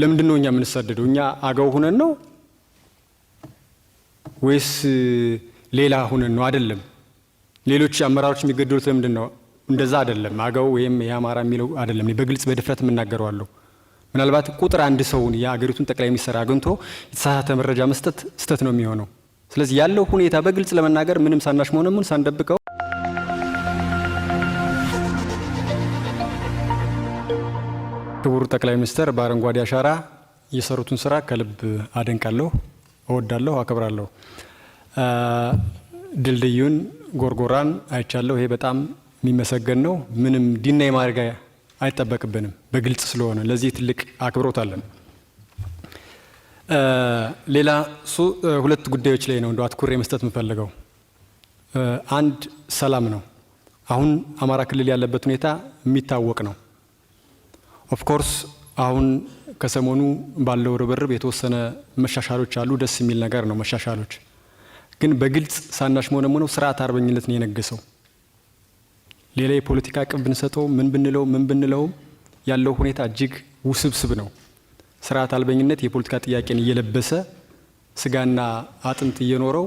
ለምንድን ነው እኛ የምንሳደደው? እኛ አገው ሁነን ነው ወይስ ሌላ ሁነን ነው? አይደለም። ሌሎች አመራሮች የሚገደሉት ለምንድን ነው? እንደዛ አይደለም። አገው ወይም የአማራ የሚለው አይደለም። በግልጽ በድፍረት የምናገረዋለሁ። ምናልባት ቁጥር አንድ ሰውን የአገሪቱን ጠቅላይ ሚኒስትር አግኝቶ የተሳሳተ መረጃ መስጠት ስህተት ነው የሚሆነው። ስለዚህ ያለው ሁኔታ በግልጽ ለመናገር ምንም ሳናሽ መሆኑን ሳንደብቀው ክቡር ጠቅላይ ሚኒስትር በአረንጓዴ አሻራ የሰሩትን ስራ ከልብ አደንቃለሁ፣ እወዳለሁ፣ አከብራለሁ። ድልድዩን፣ ጎርጎራን አይቻለሁ። ይሄ በጣም የሚመሰገን ነው። ምንም ዲናይ ማድረግ አይጠበቅብንም በግልጽ ስለሆነ ለዚህ ትልቅ አክብሮት አለን። ሌላ ሁለት ጉዳዮች ላይ ነው እንደ አትኩሬ መስጠት የምፈልገው። አንድ ሰላም ነው። አሁን አማራ ክልል ያለበት ሁኔታ የሚታወቅ ነው። ኦፍኮርስ አሁን ከሰሞኑ ባለው ርብርብ የተወሰነ መሻሻሎች አሉ። ደስ የሚል ነገር ነው መሻሻሎች። ግን በግልጽ ሳናሽ መሆነ ሆነው ስርዓት አርበኝነት ነው የነገሰው። ሌላ የፖለቲካ ቅብ ብንሰጠው ምን ብንለው ምን ብንለው ያለው ሁኔታ እጅግ ውስብስብ ነው። ስርዓት አልበኝነት የፖለቲካ ጥያቄን እየለበሰ ስጋና አጥንት እየኖረው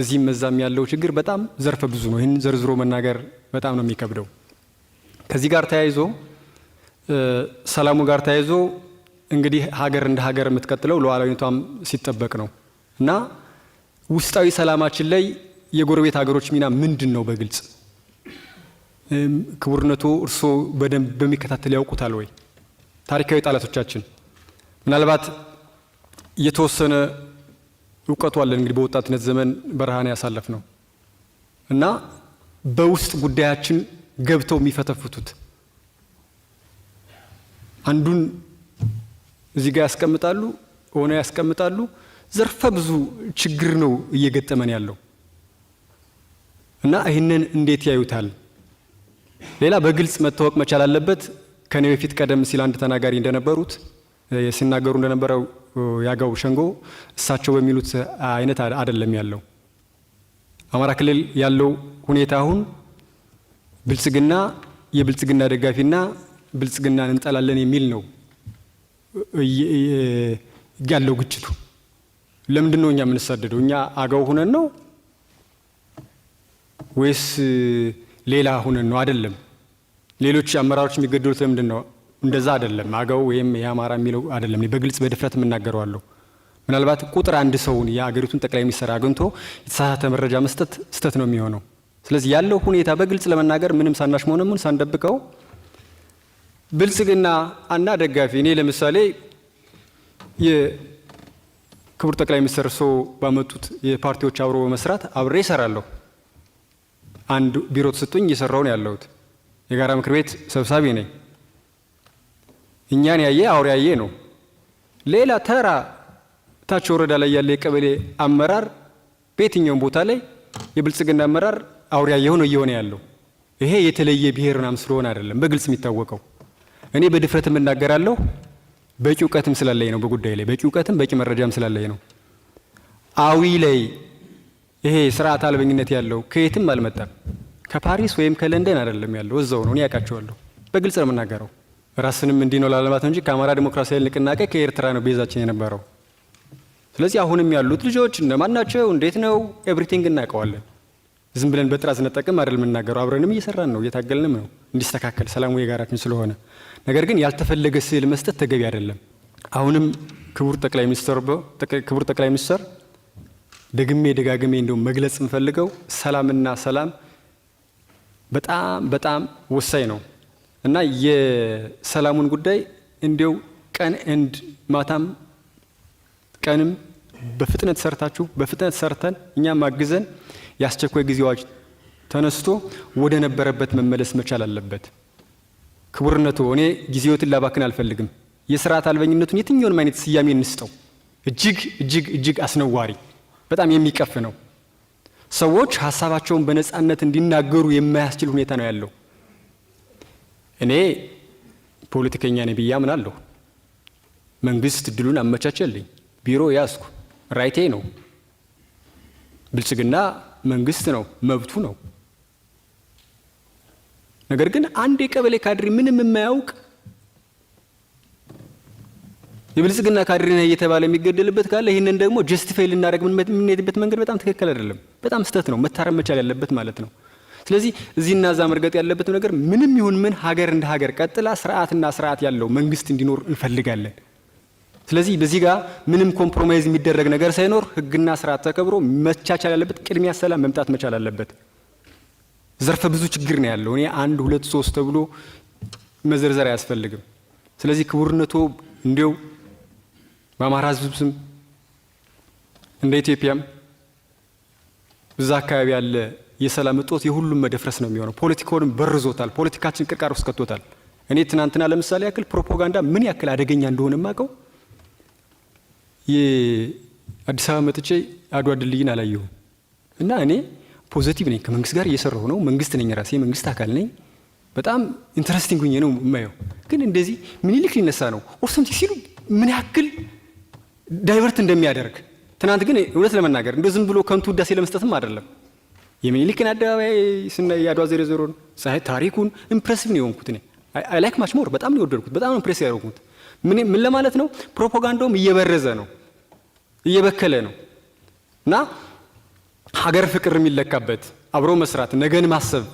እዚህም እዛም ያለው ችግር በጣም ዘርፈ ብዙ ነው። ይህን ዘርዝሮ መናገር በጣም ነው የሚከብደው። ከዚህ ጋር ተያይዞ ሰላሙ ጋር ተያይዞ እንግዲህ ሀገር እንደ ሀገር የምትቀጥለው ሉዓላዊነቷም ሲጠበቅ ነው እና ውስጣዊ ሰላማችን ላይ የጎረቤት ሀገሮች ሚና ምንድን ነው? በግልጽ ክቡርነቱ እርስዎ በደንብ በሚከታተል ያውቁታል ወይ? ታሪካዊ ጠላቶቻችን ምናልባት የተወሰነ እውቀቱ አለን። እንግዲህ በወጣትነት ዘመን በረሃን ያሳለፍ ነው እና በውስጥ ጉዳያችን ገብተው የሚፈተፍቱት አንዱን እዚህ ጋር ያስቀምጣሉ ሆነ ያስቀምጣሉ። ዘርፈ ብዙ ችግር ነው እየገጠመን ያለው እና ይህንን እንዴት ያዩታል? ሌላ በግልጽ መታወቅ መቻል አለበት። ከኔ በፊት ቀደም ሲል አንድ ተናጋሪ እንደነበሩት ሲናገሩ እንደነበረው ያገው ሸንጎ እሳቸው በሚሉት አይነት አይደለም ያለው። አማራ ክልል ያለው ሁኔታ አሁን ብልጽግና የብልጽግና ደጋፊና ብልጽግና እንጠላለን የሚል ነው ያለው ግጭቱ። ለምንድን ነው እኛ የምንሳደደው? እኛ አገው ሁነን ነው ወይስ ሌላ ሁነን ነው? አይደለም። ሌሎች አመራሮች የሚገደሉት ለምንድን ነው? እንደዛ አይደለም። አገው ወይም የአማራ የሚለው አይደለም። በግልጽ በድፍረት የምናገረዋለሁ። ምናልባት ቁጥር አንድ ሰውን የአገሪቱን ጠቅላይ ሚኒስትር አግኝቶ የተሳሳተ መረጃ መስጠት ስህተት ነው የሚሆነው። ስለዚህ ያለው ሁኔታ በግልጽ ለመናገር ምንም ሳናሽ መሆኑን ሳንደብቀው ብልጽግና እና ደጋፊ እኔ ለምሳሌ የክቡር ጠቅላይ ሚኒስትር እርሶ ባመጡት የፓርቲዎች አብሮ በመስራት አብሬ እሰራለሁ። አንድ ቢሮ ተሰጡኝ እየሰራውን ነው ያለሁት። የጋራ ምክር ቤት ሰብሳቢ ነኝ። እኛን ያየ አውሬ ያየ ነው። ሌላ ተራ ታች ወረዳ ላይ ያለ የቀበሌ አመራር በየትኛውም ቦታ ላይ የብልጽግና አመራር አውሬ ያየው ነው እየሆነ ያለው። ይሄ የተለየ ብሔር ምናምን ስለሆነ አይደለም፣ በግልጽ የሚታወቀው እኔ በድፍረትም እናገራለሁ፣ በቂ እውቀትም ስላለኝ ነው። በጉዳይ ላይ በቂ እውቀትም በቂ መረጃም ስላለኝ ነው። አዊ ላይ ይሄ ስርዓት አልበኝነት ያለው ከየትም አልመጣም። ከፓሪስ ወይም ከለንደን አይደለም ያለው፣ እዛው ነው። እኔ ያውቃቸዋለሁ። በግልጽ ነው የምናገረው። ራስንም እንዲህ ነው ላለማት እንጂ ከአማራ ዲሞክራሲያዊ ንቅናቄ ከኤርትራ ነው ቤዛችን የነበረው። ስለዚህ አሁንም ያሉት ልጆች እነማን ናቸው? እንዴት ነው? ኤቭሪቲንግ እናውቀዋለን። ዝም ብለን በጥራዝ ዝነጠቅም አይደል የምናገረው። አብረንም እየሰራን ነው፣ እየታገልንም ነው እንዲስተካከል ሰላሙ የጋራችን ስለሆነ። ነገር ግን ያልተፈለገ ስዕል መስጠት ተገቢ አይደለም። አሁንም ክቡር ጠቅላይ ሚኒስትር ክቡር ጠቅላይ ሚኒስትር ደግሜ ደጋግሜ እንደው መግለጽ የምፈልገው ሰላምና ሰላም በጣም በጣም ወሳኝ ነው እና የሰላሙን ጉዳይ እንዲው ቀን እንድ ማታም ቀንም በፍጥነት ሰርታችሁ በፍጥነት ሰርተን እኛም አግዘን የአስቸኳይ ጊዜ አዋጅ ተነስቶ ወደ ነበረበት መመለስ መቻል አለበት። ክቡርነቱ እኔ ጊዜዎትን ላባክን አልፈልግም። የስርዓት አልበኝነቱን የትኛውንም አይነት ስያሜ እንስጠው። እጅግ እጅግ እጅግ አስነዋሪ በጣም የሚቀፍ ነው። ሰዎች ሀሳባቸውን በነፃነት እንዲናገሩ የማያስችል ሁኔታ ነው ያለው። እኔ ፖለቲከኛ ነኝ ብዬ አምናለሁ። መንግስት እድሉን አመቻቸልኝ፣ ቢሮ ያዝኩ፣ ራይቴ ነው ብልጽግና መንግስት ነው፣ መብቱ ነው። ነገር ግን አንድ የቀበሌ ካድሪ ምንም የማያውቅ የብልጽግና ካድሪ ነህ እየተባለ የሚገደልበት ካለ ይህንን ደግሞ ጀስቲፋይ ልናደርግ የምንሄድበት መንገድ በጣም ትክክል አይደለም። በጣም ስህተት ነው። መታረም መቻል ያለበት ማለት ነው። ስለዚህ እዚህና እዛ መርገጥ ያለበት ነገር ምንም ይሁን ምን ሀገር እንደ ሀገር ቀጥላ ስርዓትና ስርዓት ያለው መንግስት እንዲኖር እንፈልጋለን። ስለዚህ በዚህ ጋር ምንም ኮምፕሮማይዝ የሚደረግ ነገር ሳይኖር ህግና ስርዓት ተከብሮ መቻቻል ያለበት ቅድሚያ ሰላም መምጣት መቻል አለበት። ዘርፈ ብዙ ችግር ነው ያለው። እኔ አንድ ሁለት ሶስት ተብሎ መዘርዘር አያስፈልግም። ስለዚህ ክቡርነቶ እንዲው በአማራ ህዝብ ስም እንደ ኢትዮጵያም እዛ አካባቢ ያለ የሰላም እጦት የሁሉም መደፍረስ ነው የሚሆነው። ፖለቲካውንም በርዞታል። ፖለቲካችን ቅርቃር ውስጥ ከቶታል። እኔ ትናንትና ለምሳሌ ያክል ፕሮፓጋንዳ ምን ያክል አደገኛ እንደሆነ የማውቀው የአዲስ አበባ መጥቼ አድዋ ድልድይን አላየሁም እና እኔ ፖዘቲቭ ነኝ። ከመንግስት ጋር እየሰራሁ ነው። መንግስት ነኝ፣ ራሴ መንግስት አካል ነኝ። በጣም ኢንትረስቲንግ ሁኜ ነው የማየው። ግን እንደዚህ ምኒልክ ሊነሳ ነው ኦር ሲሉ ምን ያክል ዳይቨርት እንደሚያደርግ ትናንት ግን እውነት ለመናገር እንደ ዝም ብሎ ከንቱ ውዳሴ ለመስጠትም አይደለም የሚኒሊክን አደባባይ ስና የአድዋ ዜሮ ዜሮን ሳይ ታሪኩን ኢምፕሬሲቭ ነው የሆንኩት አይ ላይክ ማች ሞር በጣም ነው የወደድኩት። በጣም ኢምፕሬሲቭ ያደረኩት ምን ለማለት ነው ፕሮፓጋንዳውም እየበረዘ ነው። እየበከለ ነው እና ሀገር ፍቅር የሚለካበት አብሮ መስራት፣ ነገን ማሰብ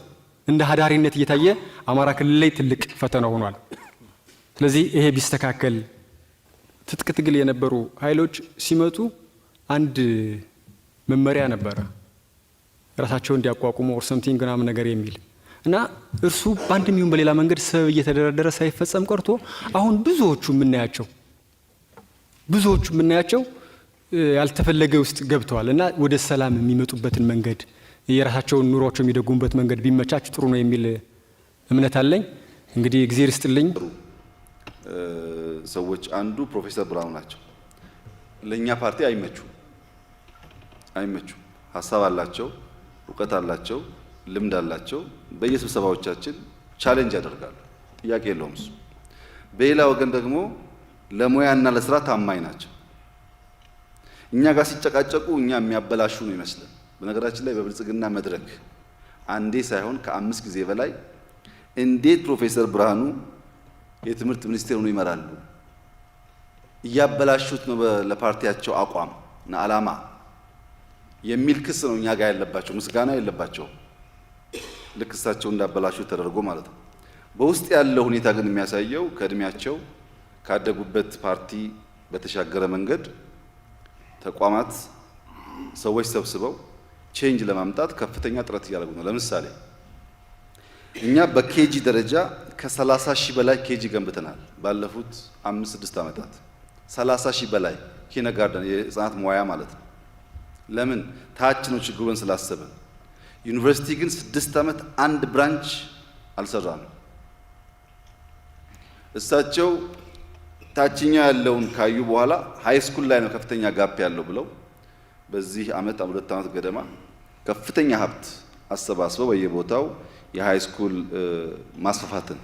እንደ ሀዳሪነት እየታየ አማራ ክልል ላይ ትልቅ ፈተና ሆኗል። ስለዚህ ይሄ ቢስተካከል ትጥቅ ትግል የነበሩ ኃይሎች ሲመጡ አንድ መመሪያ ነበረ ራሳቸው እንዲያቋቁሙ ኦር ሰምቲንግ ምናምን ነገር የሚል እና እርሱ በአንድም ይሁን በሌላ መንገድ ሰበብ እየተደረደረ ሳይፈጸም ቀርቶ አሁን ብዙዎቹ የምናያቸው ብዙዎቹ የምናያቸው ያልተፈለገ ውስጥ ገብተዋል እና ወደ ሰላም የሚመጡበትን መንገድ የራሳቸውን ኑሯቸው የሚደጉሙበት መንገድ ቢመቻች ጥሩ ነው የሚል እምነት አለኝ። እንግዲህ እግዜር ይስጥልኝ። ሰዎች አንዱ ፕሮፌሰር ብርሃኑ ናቸው። ለእኛ ፓርቲ አይመቹም አይመቹም። ሀሳብ አላቸው፣ እውቀት አላቸው፣ ልምድ አላቸው። በየስብሰባዎቻችን ቻሌንጅ ያደርጋሉ። ጥያቄ የለውም እሱ። በሌላ ወገን ደግሞ ለሙያና ለስራ ታማኝ ናቸው። እኛ ጋር ሲጨቃጨቁ እኛ የሚያበላሹ ነው ይመስላል። በነገራችን ላይ በብልጽግና መድረክ አንዴ ሳይሆን ከአምስት ጊዜ በላይ እንዴት ፕሮፌሰር ብርሃኑ የትምህርት ሚኒስቴር ሆኖ ይመራሉ? እያበላሹት ነው ለፓርቲያቸው አቋም እና አላማ የሚል ክስ ነው እኛ ጋር ያለባቸው። ምስጋና የለባቸው ልክ እሳቸው እንዳበላሹት ተደርጎ ማለት ነው። በውስጥ ያለው ሁኔታ ግን የሚያሳየው ከእድሜያቸው ካደጉበት ፓርቲ በተሻገረ መንገድ ተቋማት ሰዎች ሰብስበው ቼንጅ ለማምጣት ከፍተኛ ጥረት እያደረጉ ነው። ለምሳሌ እኛ በኬጂ ደረጃ ከሰላሳ ሺህ በላይ ኬጂ ገንብተናል። ባለፉት አምስት ስድስት ዓመታት ሰላሳ ሺህ በላይ ኪነጋርደን የህፃናት መዋያ ማለት ነው። ለምን ታች ነው ችግሩን ስላሰብን። ዩኒቨርሲቲ ግን ስድስት ዓመት አንድ ብራንች አልሰራም። እሳቸው ታችኛው ያለውን ካዩ በኋላ ሃይ ስኩል ላይ ነው ከፍተኛ ጋፕ ያለው ብለው በዚህ አመት ሁለት አመት ገደማ ከፍተኛ ሀብት አሰባስበው በየቦታው የሃይ ስኩል ማስፋፋትን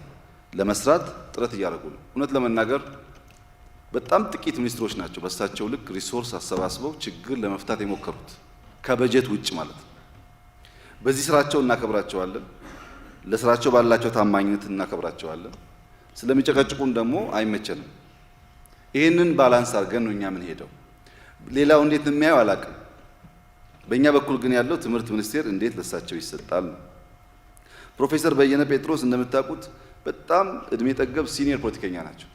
ለመስራት ጥረት እያደረጉ ነው። እውነት ለመናገር በጣም ጥቂት ሚኒስትሮች ናቸው በእሳቸው ልክ ሪሶርስ አሰባስበው ችግር ለመፍታት የሞከሩት ከበጀት ውጭ ማለት ነው። በዚህ ስራቸው እናከብራቸዋለን። ለስራቸው ባላቸው ታማኝነት እናከብራቸዋለን። ስለሚጨቀጭቁን ደግሞ አይመቸንም። ይህንን ባላንስ አድርገን ነው እኛ ሄደው ሌላው እንዴት የሚያየው አላውቅም። በእኛ በኩል ግን ያለው ትምህርት ሚኒስቴር እንዴት ለሳቸው ይሰጣል ነው። ፕሮፌሰር በየነ ጴጥሮስ እንደምታውቁት በጣም እድሜ ጠገብ ሲኒየር ፖለቲከኛ ናቸው።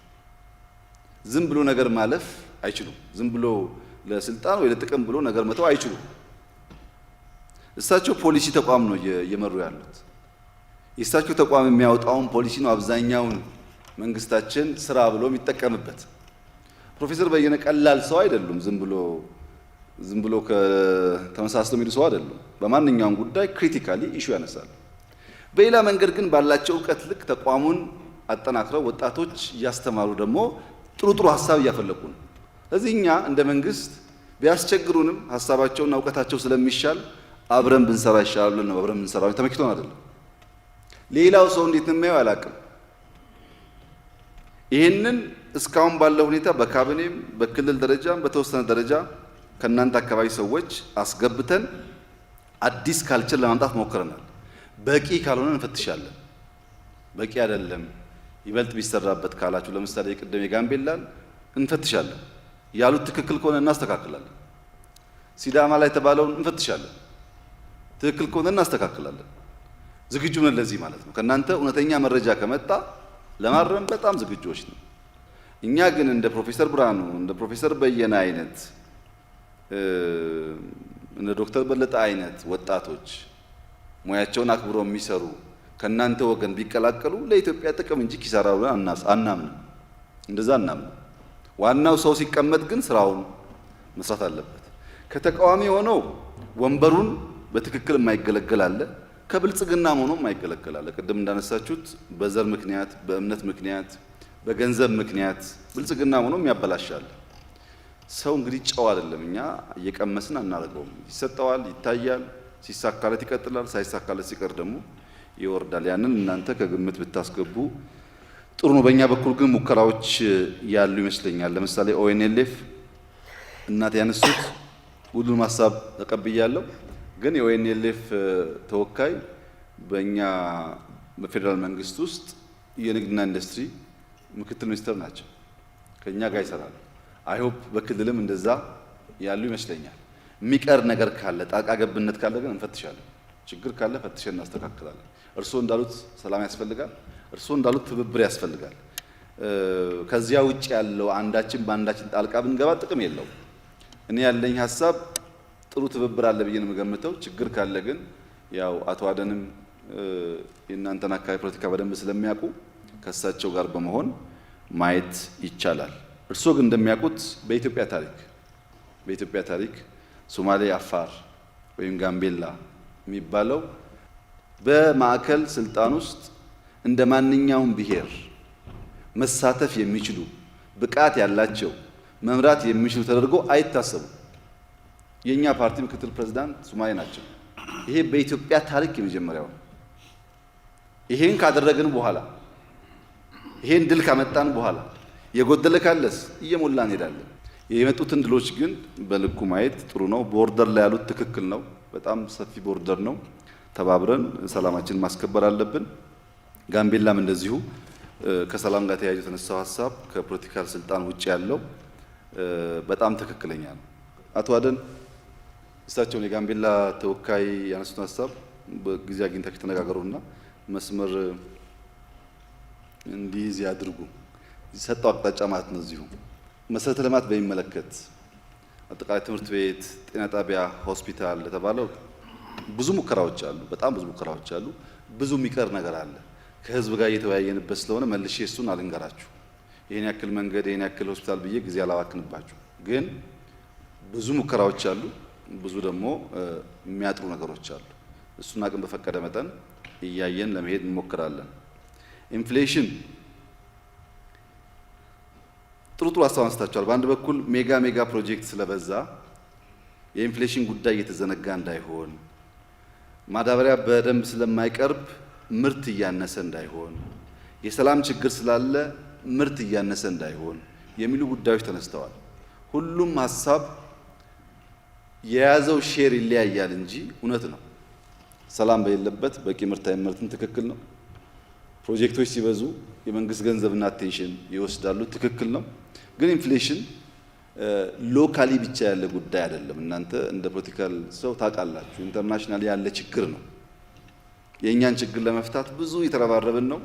ዝም ብሎ ነገር ማለፍ አይችሉም። ዝም ብሎ ለስልጣን ወይ ለጥቅም ብሎ ነገር መተው አይችሉም። እሳቸው ፖሊሲ ተቋም ነው እየመሩ ያሉት። የእሳቸው ተቋም የሚያወጣውን ፖሊሲ ነው አብዛኛውን መንግስታችን ስራ ብሎ የሚጠቀምበት። ፕሮፌሰር በየነ ቀላል ሰው አይደሉም። ዝም ብሎ ዝም ብሎ ከተመሳስሎ የሚሉ ሰው አይደሉም። በማንኛውም ጉዳይ ክሪቲካሊ ኢሹ ያነሳሉ። በሌላ መንገድ ግን ባላቸው እውቀት ልክ ተቋሙን አጠናክረው ወጣቶች እያስተማሩ ደግሞ ጥሩ ጥሩ ሀሳብ እያፈለቁ ነው። ስለዚህ እኛ እንደ መንግስት ቢያስቸግሩንም ሀሳባቸውና እውቀታቸው ስለሚሻል አብረን ብንሰራ ይሻላል ብለን ነው አብረን ብንሰራ ተመክቶን አይደለም። ሌላው ሰው እንዴት ነው የሚያየው አላውቅም። ይሄንን እስካሁን ባለው ሁኔታ በካቢኔም በክልል ደረጃም በተወሰነ ደረጃ ከእናንተ አካባቢ ሰዎች አስገብተን አዲስ ካልቸር ለማምጣት ሞክረናል። በቂ ካልሆነ እንፈትሻለን። በቂ አይደለም ይበልጥ ቢሰራበት ካላችሁ፣ ለምሳሌ የቅደም የጋምቤላን እንፈትሻለን። ያሉት ትክክል ከሆነ እናስተካክላለን። ሲዳማ ላይ የተባለውን እንፈትሻለን። ትክክል ከሆነ እናስተካክላለን። ዝግጁ ነን ለዚህ ማለት ነው። ከእናንተ እውነተኛ መረጃ ከመጣ ለማረም በጣም ዝግጁዎች ነው። እኛ ግን እንደ ፕሮፌሰር ብርሃኑ እንደ ፕሮፌሰር በየነ አይነት እንደ ዶክተር በለጠ አይነት ወጣቶች ሙያቸውን አክብረው የሚሰሩ ከእናንተ ወገን ቢቀላቀሉ ለኢትዮጵያ ጥቅም እንጂ ኪሳራ ብለን አናምንም። እንደዛ አናምንም። ዋናው ሰው ሲቀመጥ ግን ስራውን መስራት አለበት። ከተቃዋሚ ሆኖ ወንበሩን በትክክል የማይገለገል አለ። ከብልጽግናም ሆኖ የማይገለገል አለ። ቅድም እንዳነሳችሁት በዘር ምክንያት፣ በእምነት ምክንያት በገንዘብ ምክንያት ብልጽግና ሆኖም ያበላሻል። ሰው እንግዲህ ጨው አይደለም። እኛ እየቀመስን አናደርገውም። ይሰጠዋል፣ ይታያል፣ ሲሳካለት ይቀጥላል፣ ሳይሳካለት ሲቀር ደግሞ ይወርዳል። ያንን እናንተ ከግምት ብታስገቡ ጥሩ ነው። በእኛ በኩል ግን ሙከራዎች ያሉ ይመስለኛል። ለምሳሌ ኦኤንኤልኤፍ እናት ያነሱት ሁሉንም ሀሳብ ተቀብያለሁ። ግን የኦኤንኤልኤፍ ተወካይ በእኛ በፌዴራል መንግስት ውስጥ የንግድና ኢንዱስትሪ ምክትል ሚኒስትር ናቸው። ከእኛ ጋር ይሰራሉ። አይሆፕ በክልልም እንደዛ ያሉ ይመስለኛል። የሚቀር ነገር ካለ ጣልቃ ገብነት ካለ ግን እንፈትሻለን። ችግር ካለ ፈትሸን እናስተካክላለን። እርስዎ እንዳሉት ሰላም ያስፈልጋል። እርስዎ እንዳሉት ትብብር ያስፈልጋል። ከዚያ ውጭ ያለው አንዳችን በአንዳችን ጣልቃ ብንገባ ጥቅም የለውም። እኔ ያለኝ ሀሳብ ጥሩ ትብብር አለ ብዬ ነው የምገምተው። ችግር ካለ ግን ያው አቶ አደንም የእናንተን አካባቢ ፖለቲካ በደንብ ስለሚያውቁ ከእሳቸው ጋር በመሆን ማየት ይቻላል። እርስዎ ግን እንደሚያውቁት በኢትዮጵያ ታሪክ በኢትዮጵያ ታሪክ ሶማሌ፣ አፋር ወይም ጋምቤላ የሚባለው በማዕከል ስልጣን ውስጥ እንደ ማንኛውም ብሔር መሳተፍ የሚችሉ ብቃት ያላቸው መምራት የሚችሉ ተደርጎ አይታሰቡም። የእኛ ፓርቲ ምክትል ፕሬዚዳንት ሶማሌ ናቸው። ይሄ በኢትዮጵያ ታሪክ የመጀመሪያው ነው። ይሄን ካደረግን በኋላ ይሄን ድል ካመጣን በኋላ የጎደለ ካለስ እየሞላ እንሄዳለን። የመጡትን ድሎች ግን በልኩ ማየት ጥሩ ነው። ቦርደር ላይ ያሉት ትክክል ነው። በጣም ሰፊ ቦርደር ነው። ተባብረን ሰላማችን ማስከበር አለብን። ጋምቤላም እንደዚሁ ከሰላም ጋር ተያይዞ የተነሳው ሀሳብ ከፖለቲካል ስልጣን ውጭ ያለው በጣም ትክክለኛ ነው። አቶ አደን እሳቸውን የጋምቤላ ተወካይ ያነሱትን ሀሳብ በጊዜ አግኝታችሁ ተነጋገሩና መስመር እንዲይዝ ያድርጉ። የሰጠው አቅጣጫ ማለት ነው። እዚሁ መሰረተ ልማት በሚመለከት አጠቃላይ ትምህርት ቤት፣ ጤና ጣቢያ፣ ሆስፒታል ለተባለው ብዙ ሙከራዎች አሉ። በጣም ብዙ ሙከራዎች አሉ። ብዙ የሚቀር ነገር አለ። ከህዝብ ጋር እየተወያየንበት ስለሆነ መልሼ እሱን አልንገራችሁ። ይህን ያክል መንገድ፣ ይህን ያክል ሆስፒታል ብዬ ጊዜ አላባክንባችሁ። ግን ብዙ ሙከራዎች አሉ። ብዙ ደግሞ የሚያጥሩ ነገሮች አሉ። እሱን አቅም በፈቀደ መጠን እያየን ለመሄድ እንሞክራለን። ኢንፍሌሽን ጥሩ ጥሩ ሀሳብ አንስታችኋል። በአንድ በኩል ሜጋ ሜጋ ፕሮጀክት ስለበዛ የኢንፍሌሽን ጉዳይ እየተዘነጋ እንዳይሆን፣ ማዳበሪያ በደንብ ስለማይቀርብ ምርት እያነሰ እንዳይሆን፣ የሰላም ችግር ስላለ ምርት እያነሰ እንዳይሆን የሚሉ ጉዳዮች ተነስተዋል። ሁሉም ሀሳብ የያዘው ሼር ይለያያል እንጂ እውነት ነው። ሰላም በሌለበት በቂ ምርት አይመረትም። ትክክል ነው። ፕሮጀክቶች ሲበዙ የመንግስት ገንዘብና አቴንሽን ይወስዳሉ። ትክክል ነው። ግን ኢንፍሌሽን ሎካሊ ብቻ ያለ ጉዳይ አይደለም። እናንተ እንደ ፖለቲካል ሰው ታውቃላችሁ፣ ኢንተርናሽናል ያለ ችግር ነው። የእኛን ችግር ለመፍታት ብዙ የተረባረብን ነው።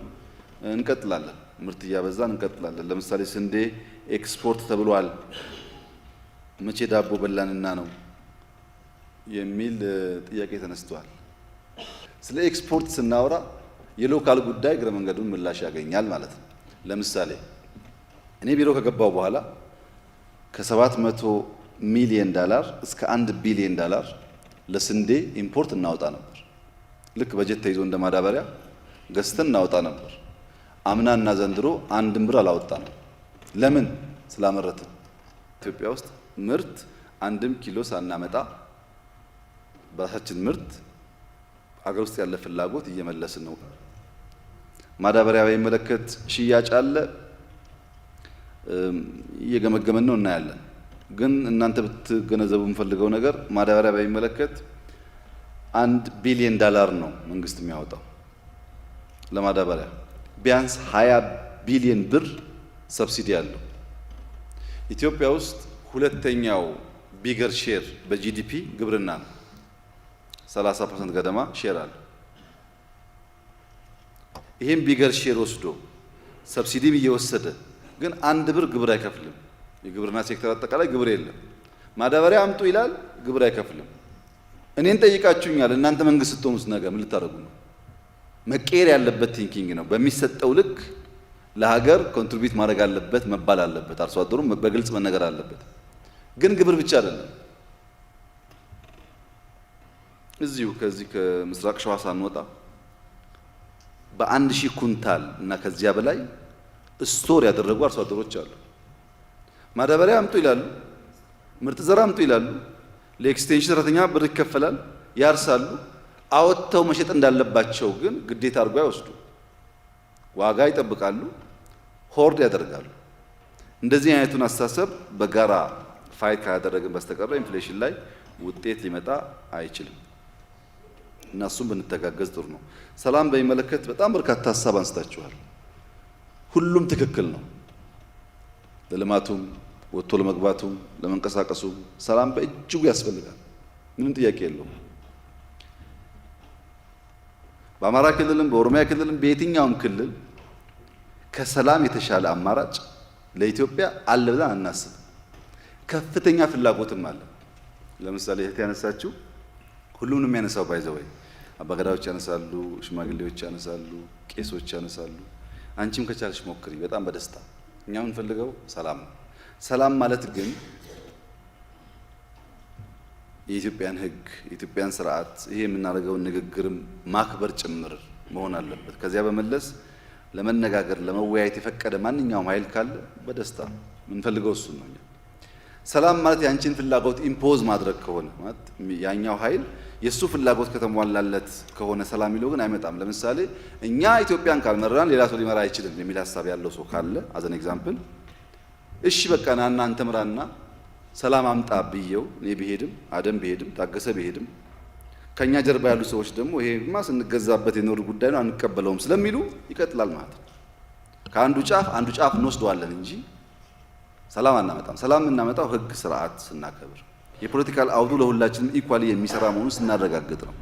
እንቀጥላለን። ምርት እያበዛን እንቀጥላለን። ለምሳሌ ስንዴ ኤክስፖርት ተብሏል። መቼ ዳቦ በላንና ነው የሚል ጥያቄ ተነስቷል። ስለ ኤክስፖርት ስናወራ የሎካል ጉዳይ እግረ መንገዱን ምላሽ ያገኛል ማለት ነው። ለምሳሌ እኔ ቢሮ ከገባው በኋላ ከ700 ሚሊየን ዳላር እስከ አንድ ቢሊየን ዳላር ለስንዴ ኢምፖርት እናወጣ ነበር። ልክ በጀት ተይዞ እንደ ማዳበሪያ ገዝተን እናወጣ ነበር። አምና እና ዘንድሮ አንድም ብር አላወጣንም። ለምን? ስላመረትን። ኢትዮጵያ ውስጥ ምርት አንድም ኪሎ ሳናመጣ በራሳችን ምርት አገር ውስጥ ያለ ፍላጎት እየመለስን ነው። ማዳበሪያ በሚመለከት ሽያጭ አለ፣ እየገመገመን ነው፣ እናያለን። ግን እናንተ ብትገነዘቡ የምፈልገው ነገር ማዳበሪያ በሚመለከት አንድ ቢሊዮን ዶላር ነው መንግስት የሚያወጣው ለማዳበሪያ ቢያንስ 20 ቢሊዮን ብር ሰብሲዲ አለው። ኢትዮጵያ ውስጥ ሁለተኛው ቢገር ሼር በጂዲፒ ግብርና 30 ፐርሰንት ገደማ ሼር አለው። ይህም ቢገር ሼር ወስዶ ሰብሲዲም እየወሰደ ግን አንድ ብር ግብር አይከፍልም። የግብርና ሴክተር አጠቃላይ ግብር የለም። ማዳበሪያ አምጡ ይላል፣ ግብር አይከፍልም። እኔን ጠይቃችሁኛል። እናንተ መንግስት ስትሆኑ ነገ ምን ልታደርጉ ነው? መቀየር ያለበት ቲንኪንግ ነው። በሚሰጠው ልክ ለሀገር ኮንትሪቢዩት ማድረግ አለበት መባል አለበት። አርሶ አደሩም በግልጽ መነገር አለበት። ግን ግብር ብቻ አይደለም። እዚሁ ከዚህ ከምስራቅ ሸዋ ሳንወጣ በአንድ ሺህ ኩንታል እና ከዚያ በላይ ስቶር ያደረጉ አርሶ አደሮች አሉ። ማዳበሪያ አምጡ ይላሉ፣ ምርጥ ዘር አምጡ ይላሉ። ለኤክስቴንሽን ሰራተኛ ብር ይከፈላል፣ ያርሳሉ። አወጥተው መሸጥ እንዳለባቸው ግን ግዴታ አድርጎ አይወስዱ። ዋጋ ይጠብቃሉ፣ ሆርድ ያደርጋሉ። እንደዚህ አይነቱን አስተሳሰብ በጋራ ፋይት ካላደረግን በስተቀረ ኢንፍሌሽን ላይ ውጤት ሊመጣ አይችልም እና እሱም ብንተጋገዝ ጥሩ ነው። ሰላም በሚመለከት በጣም በርካታ ሀሳብ አንስታችኋል። ሁሉም ትክክል ነው። ለልማቱም፣ ወጥቶ ለመግባቱም፣ ለመንቀሳቀሱም ሰላም በእጅጉ ያስፈልጋል። ምንም ጥያቄ የለውም። በአማራ ክልልም በኦሮሚያ ክልልም በየትኛውም ክልል ከሰላም የተሻለ አማራጭ ለኢትዮጵያ አለ ብለን አናስብ። ከፍተኛ ፍላጎትም አለ። ለምሳሌ እህት ያነሳችው ሁሉም ነው የሚያነሳው ባይዘወይ አባገዳዎች ያነሳሉ፣ ሽማግሌዎች ያነሳሉ፣ ቄሶች ያነሳሉ። አንቺም ከቻልሽ ሞክሪ፣ በጣም በደስታ እኛ የምንፈልገው ሰላም ነው። ሰላም ማለት ግን የኢትዮጵያን ሕግ የኢትዮጵያን ስርዓት ይሄ የምናደርገውን ንግግርም ማክበር ጭምር መሆን አለበት። ከዚያ በመለስ ለመነጋገር ለመወያየት የፈቀደ ማንኛውም ኃይል ካለ በደስታ የምንፈልገው እሱን ነው። ሰላም ማለት የአንቺን ፍላጎት ኢምፖዝ ማድረግ ከሆነ ማለት ያኛው ኃይል የእሱ ፍላጎት ከተሟላለት ከሆነ ሰላም የሚለው ግን አይመጣም። ለምሳሌ እኛ ኢትዮጵያን ካልመራን ሌላ ሰው ሊመራ አይችልም የሚል ሀሳብ ያለው ሰው ካለ አዘን ኤግዛምፕል እሺ በቃ ናና ምራና ሰላም አምጣ ብየው እኔ ብሄድም አደም ብሄድም ታገሰ ብሄድም ከእኛ ጀርባ ያሉ ሰዎች ደግሞ ይሄማ ስንገዛበት የኖር ጉዳይ ነው አንቀበለውም ስለሚሉ ይቀጥላል ማለት ነው። ከአንዱ ጫፍ አንዱ ጫፍ እንወስደዋለን እንጂ ሰላም አናመጣም። ሰላም የምናመጣው ህግ ስርዓት ስናከብር የፖለቲካል አውዱ ለሁላችንም ኢኳሊ የሚሰራ መሆኑን ስናረጋግጥ ነው።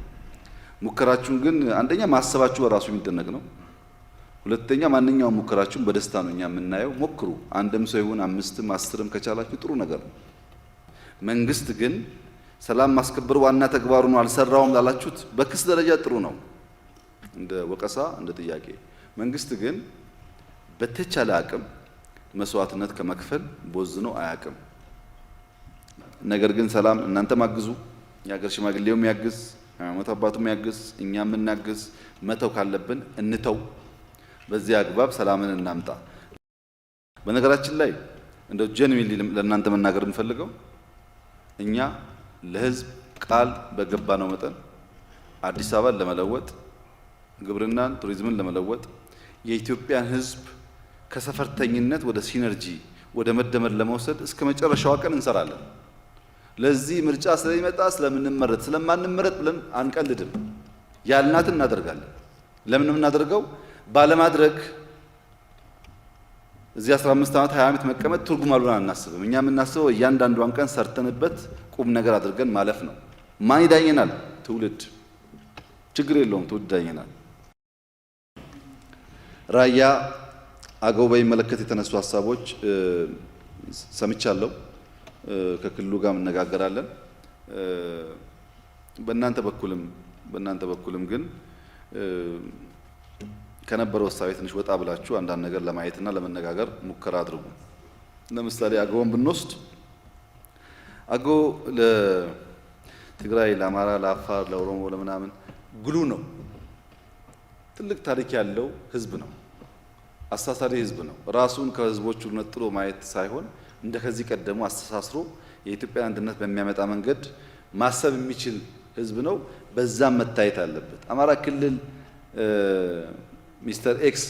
ሙከራችሁን ግን አንደኛ ማሰባችሁ በራሱ የሚደነቅ ነው። ሁለተኛ ማንኛውም ሙከራችሁን በደስታ ነው እኛ የምናየው። ሞክሩ። አንድም ሰው ይሁን አምስትም አስርም ከቻላችሁ ጥሩ ነገር ነው። መንግስት ግን ሰላም ማስከበር ዋና ተግባሩ ነው አልሰራውም ላላችሁት በክስ ደረጃ ጥሩ ነው፣ እንደ ወቀሳ እንደ ጥያቄ። መንግስት ግን በተቻለ አቅም መስዋዕትነት ከመክፈል ቦዝኖ አያቅም። ነገር ግን ሰላም እናንተ አግዙ፣ የሀገር ሽማግሌው የሚያግዝ ሃይማኖት አባቱ የሚያግዝ እኛ የምናግዝ መተው ካለብን እንተው። በዚህ አግባብ ሰላምን እናምጣ። በነገራችን ላይ እንደ ጀንዊን ለእናንተ መናገር የምፈልገው እኛ ለህዝብ ቃል በገባ ነው መጠን አዲስ አበባን ለመለወጥ ግብርናን፣ ቱሪዝምን ለመለወጥ የኢትዮጵያን ህዝብ ከሰፈርተኝነት ወደ ሲነርጂ ወደ መደመር ለመውሰድ እስከ መጨረሻዋ ቀን እንሰራለን። ለዚህ ምርጫ ስለሚመጣ ስለምንመረጥ ስለማንመረጥ ብለን አንቀልድም። ያልናትን እናደርጋለን። ለምን የምናደርገው ባለማድረግ እዚህ 15 ዓመት 20 ዓመት መቀመጥ ትርጉም አሉን አናስብም። እኛ የምናስበው እያንዳንዷን ቀን ሰርተንበት ቁም ነገር አድርገን ማለፍ ነው። ማን ይዳኘናል? ትውልድ። ችግር የለውም ትውልድ ይዳኘናል። ራያ አገው በሚመለከት የተነሱ ሀሳቦች ሰምቻለሁ። ከክልሉ ጋር እነጋገራለን። በእናንተ በኩልም በእናንተ በኩልም ግን ከነበረው እሳቤ ትንሽ ወጣ ብላችሁ አንዳንድ ነገር ለማየትና ለመነጋገር ሙከራ አድርጉ። ለምሳሌ አገውን ብንወስድ አገው ለትግራይ፣ ለአማራ፣ ለአፋር፣ ለኦሮሞ ለምናምን ግሉ ነው። ትልቅ ታሪክ ያለው ህዝብ ነው። አሳሳሪ ህዝብ ነው። ራሱን ከህዝቦቹ ነጥሎ ማየት ሳይሆን እንደ ከዚህ ቀደሙ አስተሳስሮ የኢትዮጵያን አንድነት በሚያመጣ መንገድ ማሰብ የሚችል ህዝብ ነው። በዛም መታየት አለበት። አማራ ክልል ሚስተር ኤክስ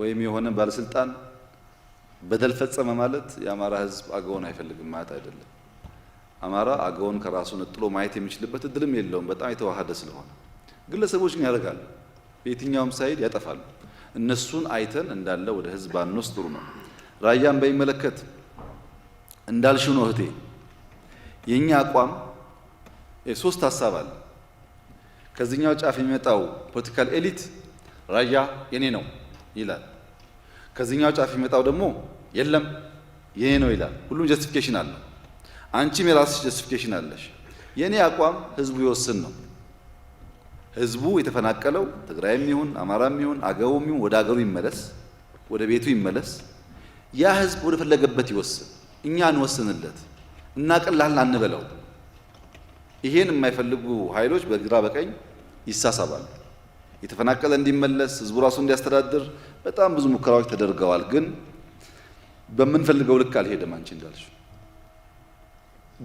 ወይም የሆነ ባለስልጣን በደል ፈጸመ ማለት የአማራ ህዝብ አገውን አይፈልግም ማለት አይደለም። አማራ አገውን ከራሱ ነጥሎ ማየት የሚችልበት እድልም የለውም፣ በጣም የተዋሃደ ስለሆነ። ግለሰቦች ግን ያደርጋሉ፣ በየትኛውም ሳይድ ያጠፋሉ። እነሱን አይተን እንዳለ ወደ ህዝብ አንወስድ ጥሩ ነው። ራያን በሚመለከት እንዳልሽው ነው እህቴ። የእኛ አቋም ሶስት ሀሳብ አለ። ከዚህኛው ጫፍ የሚመጣው ፖለቲካል ኤሊት ራያ የኔ ነው ይላል። ከዚህኛው ጫፍ የሚመጣው ደግሞ የለም የኔ ነው ይላል። ሁሉም ጀስቲፊኬሽን አለ። አንቺም የራስሽ ጀስቲፊኬሽን አለሽ። የኔ አቋም ህዝቡ ይወስን ነው። ህዝቡ የተፈናቀለው ትግራይም ይሁን አማራም ይሁን አገቡም ይሁን ወደ አገሩ ይመለስ፣ ወደ ቤቱ ይመለስ። ያ ህዝብ ወደ ፈለገበት ይወስን፣ እኛ እንወስንለት፣ እናቅልሃለን አንበለው። ይሄን የማይፈልጉ ኃይሎች በግራ በቀኝ ይሳሳባሉ። የተፈናቀለ እንዲመለስ ህዝቡ ራሱ እንዲያስተዳድር በጣም ብዙ ሙከራዎች ተደርገዋል። ግን በምንፈልገው ልክ አልሄደም። አንቺ እንዳልሽ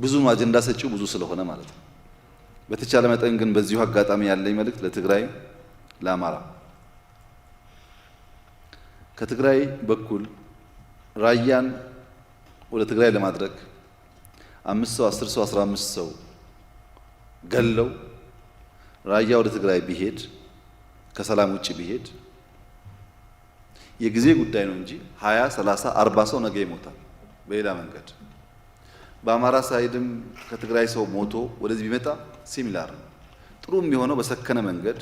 ብዙ አጀንዳ ሰጪው ብዙ ስለሆነ ማለት ነው። በተቻለ መጠን ግን በዚሁ አጋጣሚ ያለኝ መልእክት ለትግራይ፣ ለአማራ ከትግራይ በኩል ራያን ወደ ትግራይ ለማድረግ አምስት ሰው አስር ሰው አስራ አምስት ሰው ገለው ራያ ወደ ትግራይ ቢሄድ ከሰላም ውጭ ቢሄድ የጊዜ ጉዳይ ነው እንጂ ሀያ ሰላሳ አርባ ሰው ነገ ይሞታል። በሌላ መንገድ በአማራ ሳይድም ከትግራይ ሰው ሞቶ ወደዚህ ቢመጣ ሲሚላር ነው። ጥሩ የሚሆነው በሰከነ መንገድ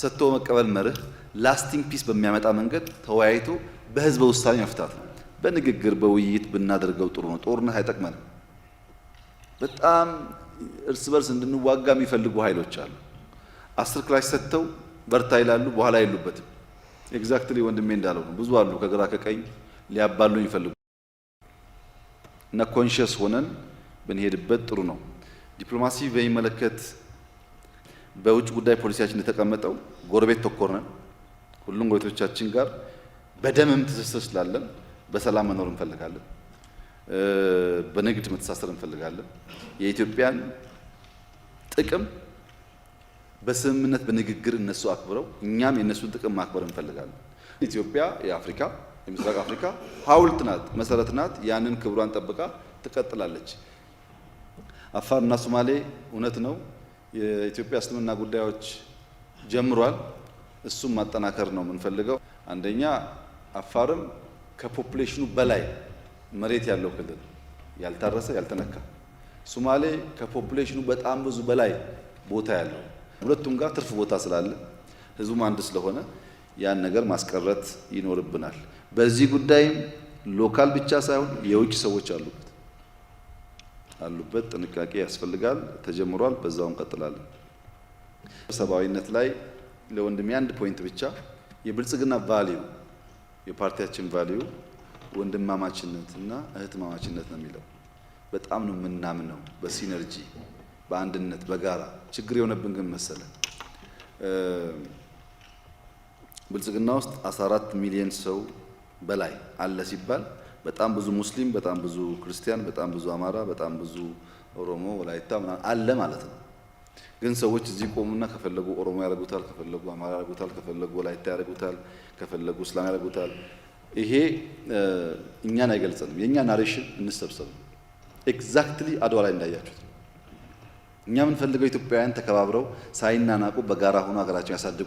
ሰጥቶ መቀበል መርህ ላስቲንግ ፒስ በሚያመጣ መንገድ ተወያይቶ በህዝበ ውሳኔ መፍታት ነው። በንግግር በውይይት ብናደርገው ጥሩ ነው። ጦርነት አይጠቅመንም። በጣም እርስ በርስ እንድንዋጋ የሚፈልጉ ኃይሎች አሉ። አስር ክላሽ ሰጥተው በርታ ይላሉ፣ በኋላ የሉበትም። ኤግዛክትሊ ወንድሜ እንዳለው ነው። ብዙ አሉ ከግራ ከቀኝ ሊያባሉ የሚፈልጉ እና ኮንሽስ ሆነን ብንሄድበት ጥሩ ነው። ዲፕሎማሲ በሚመለከት በውጭ ጉዳይ ፖሊሲያችን እንደተቀመጠው ጎረቤት ተኮር ነን። ሁሉም ጎረቤቶቻችን ጋር በደምም ትስስር ስላለን በሰላም መኖር እንፈልጋለን። በንግድ መተሳሰር እንፈልጋለን። የኢትዮጵያን ጥቅም በስምምነት በንግግር እነሱ አክብረው እኛም የእነሱን ጥቅም ማክበር እንፈልጋለን። ኢትዮጵያ የአፍሪካ የምስራቅ አፍሪካ ሐውልት ናት፣ መሰረት ናት። ያንን ክብሯን ጠብቃ ትቀጥላለች። እና ሶማሌ እውነት ነው የኢትዮጵያ እስልምና ጉዳዮች ጀምሯል። እሱም ማጠናከር ነው የምንፈልገው። አንደኛ አፋርም ከፖፕሌሽኑ በላይ መሬት ያለው ክልል ያልታረሰ ያልተነካ፣ ሶማሌ ከፖፕሌሽኑ በጣም ብዙ በላይ ቦታ ያለው ሁለቱም ጋር ትርፍ ቦታ ስላለ ህዝቡም አንድ ስለሆነ ያን ነገር ማስቀረት ይኖርብናል። በዚህ ጉዳይም ሎካል ብቻ ሳይሆን የውጭ ሰዎች አሉበት አሉበት ጥንቃቄ ያስፈልጋል። ተጀምሯል፣ በዛው እንቀጥላለን። ሰብአዊነት ላይ ለወንድሜ አንድ ፖይንት ብቻ የብልጽግና ቫሊዩ የፓርቲያችን ቫሊዩ ወንድማማችነትና እህትማማችነት ነው የሚለው። በጣም ነው የምናምነው በሲነርጂ በአንድነት በጋራ ችግር የሆነብን ግን መሰለ ብልጽግና ውስጥ 14 ሚሊዮን ሰው በላይ አለ ሲባል በጣም ብዙ ሙስሊም፣ በጣም ብዙ ክርስቲያን፣ በጣም ብዙ አማራ፣ በጣም ብዙ ኦሮሞ፣ ወላይታ አለ ማለት ነው። ግን ሰዎች እዚህ ቆሙና ከፈለጉ ኦሮሞ ያደርጉታል፣ ከፈለጉ አማራ ያደርጉታል፣ ከፈለጉ ወላይታ ያደርጉታል፣ ከፈለጉ እስላም ያደርጉታል። ይሄ እኛን አይገልጸንም። የእኛ ናሬሽን እንሰብሰብ ነው። ኤግዛክትሊ አድዋ ላይ እንዳያችሁት እኛ የምንፈልገው ኢትዮጵያውያን ተከባብረው ሳይናናቁ በጋራ ሆኖ ሀገራቸውን ያሳድጉ